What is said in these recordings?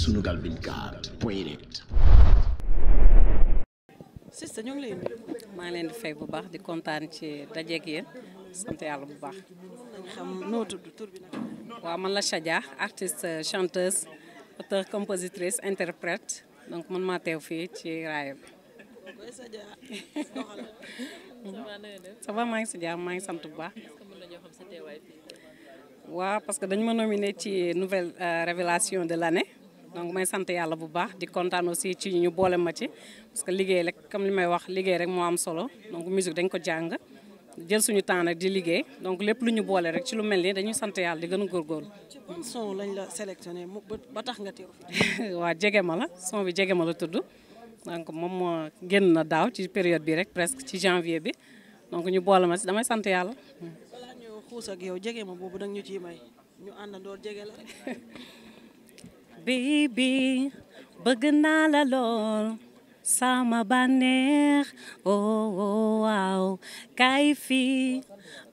Sunugal 24 point maa leen di fay bu baax di kontaan ci dajeeg yéen sant yàlla bu baax. xam noo waaw man la Chadia artiste chanteuse auteur compositrice interprète donc mën maa teew fii ci raaya bi. ça maa ngi si jàmm maa ngi sant bu baax. waaw parce que dañu ma nominé ci nouvelle euh, révélation de l'année donc may sant yàlla bu baax di kontaan aussi ci ñu boole ma ci parce que liggéey rek comme li may wax liggéey rek moo am solo donc musique dañ ko jàng jël suñu temps nag di liggéey donc lépp lu ñu boole rek ci lu mel nii dañuy sant yàlla di gën a góorgóorlu. ci ban lañ la sélectionné ba tax nga waa jege ma la son bi jege ma la tudd donc moom moo génn na daaw ci période bi rek presque ci janvier bi donc ñu boole ma si damay sant yàlla. xuus yow jege ma boobu dang ñu ciy may ñu àndandoor jege la baby bëgg naa la lool sama bànneex oh oh waaw kaay fii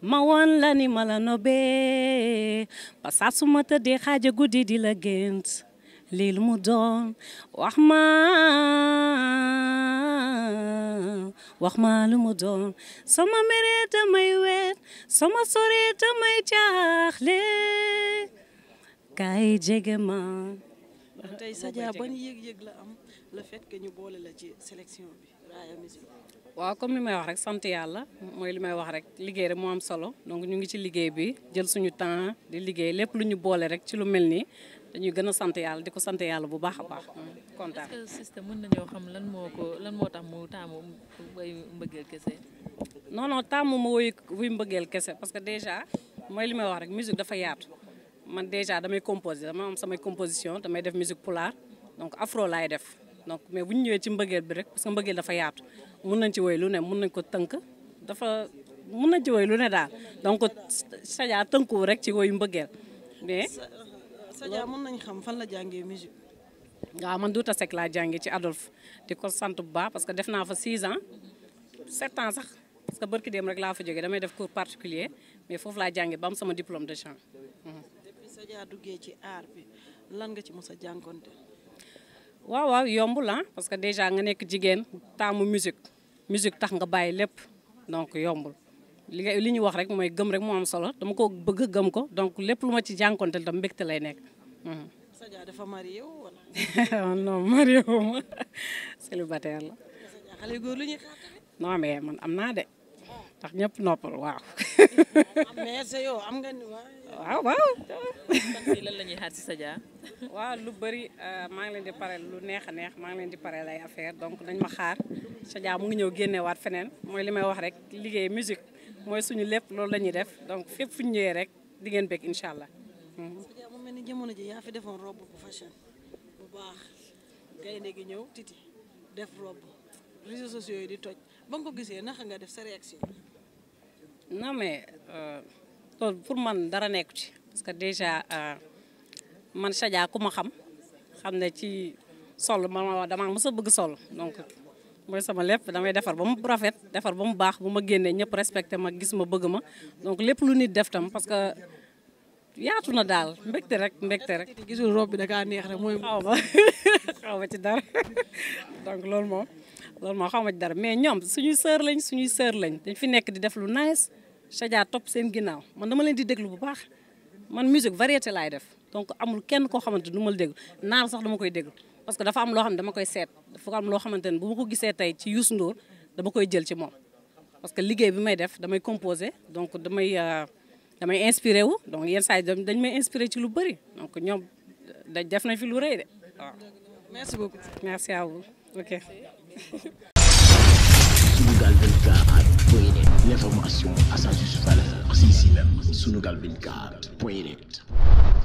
ma woon la ni ma la nobee ba saa su ma tëddee xaaja guddi di la gént lii lu mu doon wax ma wax maa lu mu doon sama mere damay weet sama sore damay jaaxle kaay jege ma tey Sadia ban yëg-yëg la am le fait ñu boole la ci sélection bi waaw comme li may wax rek sant yàlla mooy li may wax rek liggéey rek moo am solo donc ñu ngi ci liggéey bi jël suñu temps di liggéey lépp lu ñu boole rek ci lu mel nii dañuy gën a sant yàlla di ko sant yàlla bu baax a baax mm, kontaan. est-ce que système mën nañoo xam lan moo ko lan moo tax mu taamu way mbëggeel kese. non non taamu ma woy wuy mbëggeel kese parce que déjà mooy li may wax rek musique dafa yaatu man déjà damay composer dama am samay composition damay def musique pulaar donc afro laay def donc mais bu ñu ñëwee ci mbëggeel bi rek parce que mbëggeel dafa yaatu mun nañ ci woy lu ne mun nañ ko tënk dafa mun nañ ci woy lu ne daal donc Sadia tënku rek ci woyu mbëggeel mais. Sadia mën nañ xam fan la jàngee musique. waaw man Douta Seck laa jàngee ci Adolphe di ko sant bu baax parce que def naa fa 6 ans 7 ans sax parce que barki dem rek laa fa jóge damay def cours particulier mais foofu laa jàngee bam sama diplôme de chant. Mhm. depuis Sadia duggee ci art bi lan nga ci mos a jànkonte. waaw waaw yombul ah parce que déjà nga nekk jigéen taamu musique musique tax nga bàyyi lépp donc yombul. li nga li ñu wax rek mooy gëm rek moo am solo dama ko bëgg gëm ko donc lépp lu ma ci jànkonteel tam mbégte lay nekk. Mhm. Sadia dafa marié wala. non la. xale yu góor lu am naa de. Ah. ndax ñëpp noppal waaw. am nga lan la ñuy xaar si lu bëri euh, maa ngi leen di pareel lu neex a neex maa leen di pareel ay affaire donc nañ ma xaar Sadia mu ngi ñëw génneewaat feneen mooy li may wax rek liggéey musique mooy suñu lépp loolu la def donc fépp fu ñu ñëwee rek di ngeen bëgg incha allah. Mhm. mu mel ni jamono ji yaa fi defoon robe bu fashion bu baax gaynde gi ñëw titi def robe réseaux sociaux yi di toj ba nga ko gisee naka nga def sa si non mais euh, pour man dara nekku ci parce que déjà euh, man Chadia ku ma xam xam ne ci sol man dama mës a bëgg sol donc. mooy sama lépp damay defar ba mu rafet defar ba mu baax bu ma génnee ñëpp respecté ma gis ma bëgg ma donc lépp lu nit def tam parce que yaatu na daal mbégte rek mbégte rek. gisul robe bi da neex rek mooy. xaw ma donc loolu moom loolu moom xaw ma dara mais ñoom suñuy sœur lañ suñuy sœur lañ dañ fi nekk di def lu nice Chadia topp seen ginnaaw man dama leen di déglu bu baax man musique variété laay def donc amul kenn koo xamante du ma la déglu naar sax dama koy déglu. parce que dafa am loo xam ne dama koy seet dafa am loo xamante ne bu ma ko gisee tey ci Youssou Ndour dama koy jël ci moom parce que liggéey bi may def damay composer donc damay euh, damay inspiré wu donc yenn saa yi dañ may inspiré ci lu bëri donc ñoom dañ def nañ fi lu rëy de waaw.